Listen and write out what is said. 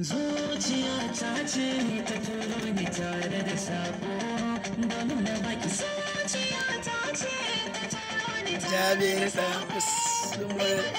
zuciya ta ce ta turo ni tare da sako don na baki zuciya ta ce ta tare da sako